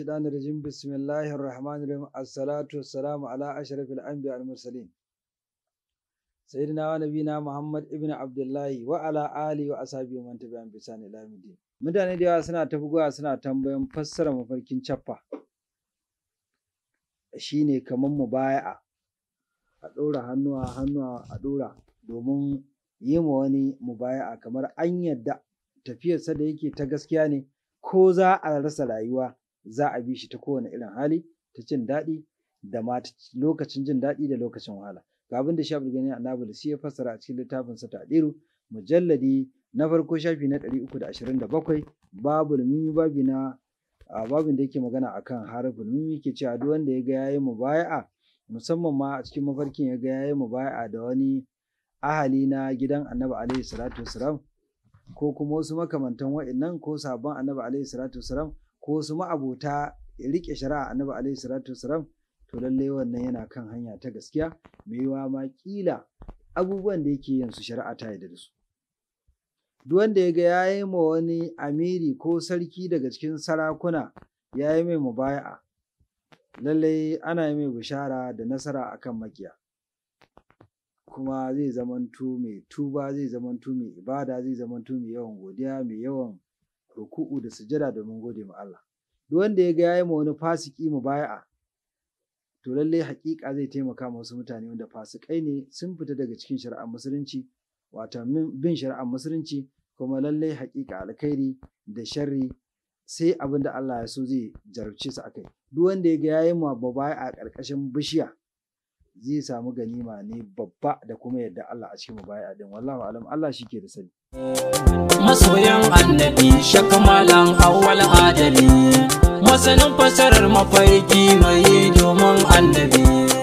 shidan rajin bismillahir rahmanir rahim assalatu wassalamu ala ashrafil anbiya al mursalin sayyidina wa nabina muhammad ibn abdullahi wa ala ali wa ashabihi man tabi'an bi sani ila yawmiddin mutane da yawa suna ta bugawa suna tambayan fassara mafarkin chaffa shine kaman mu baya a dora hannuwa hannuwa a dora domin yi ma wani mu baya kamar an yadda tafiyarsa da yake ta gaskiya ne ko za a rasa rayuwa za a bi shi ta kowane irin hali ta jin daɗi da ma lokacin jin daɗi da lokacin wahala ga abin da shafi gani annabi da ya fassara a cikin littafin sa tadiru mujalladi na farko shafi na 327 babul mimi babi na babin da yake magana akan harafin mimi ke cewa duk wanda ya ga yayi mubaya'a musamman ma a cikin mafarkin ya ga yayi mubaya'a da wani ahali na gidan annabi alaihi salatu wasalam ko kuma wasu makamantan wa'annan ko sabon annabi alaihi salatu wasalam ko su ma'abota riƙe shari'a annabi alaihi salatu wasalam to lallai wannan yana kan hanya ta gaskiya mai yiwa ma kila abubuwan da yake yin su shari'a ta yarda da su duk wanda ya ga ya yi ma wani amiri ko sarki daga cikin sarakuna ya yi mai mubaya'a lallai ana yi mai bishara da nasara akan makiya kuma zai zamanto mai tuba zai zamanto mai ibada zai zamanto mai yawan godiya mai yawan ruku'u da sujada domin gode ma Allah duk wanda ya ga yayi ma wani fasiki mu baya'a to lallai hakika zai taimaka ma wasu mutane wanda fasikai ne sun fita daga cikin shari'ar musulunci wato bin shari'ar musulunci kuma lallai hakika alkhairi da sharri sai abin da Allah ya so zai jarabce su akai duk wanda ya ga yayi ma baya'a karkashin bishiya zai samu ganima ne babba da kuma yadda Allah a cikin mubaya din wallahu alam Allah shi ke da sani masoyan annabi shakamalan awwal adami masanin fasarar mafarki mai domin annabi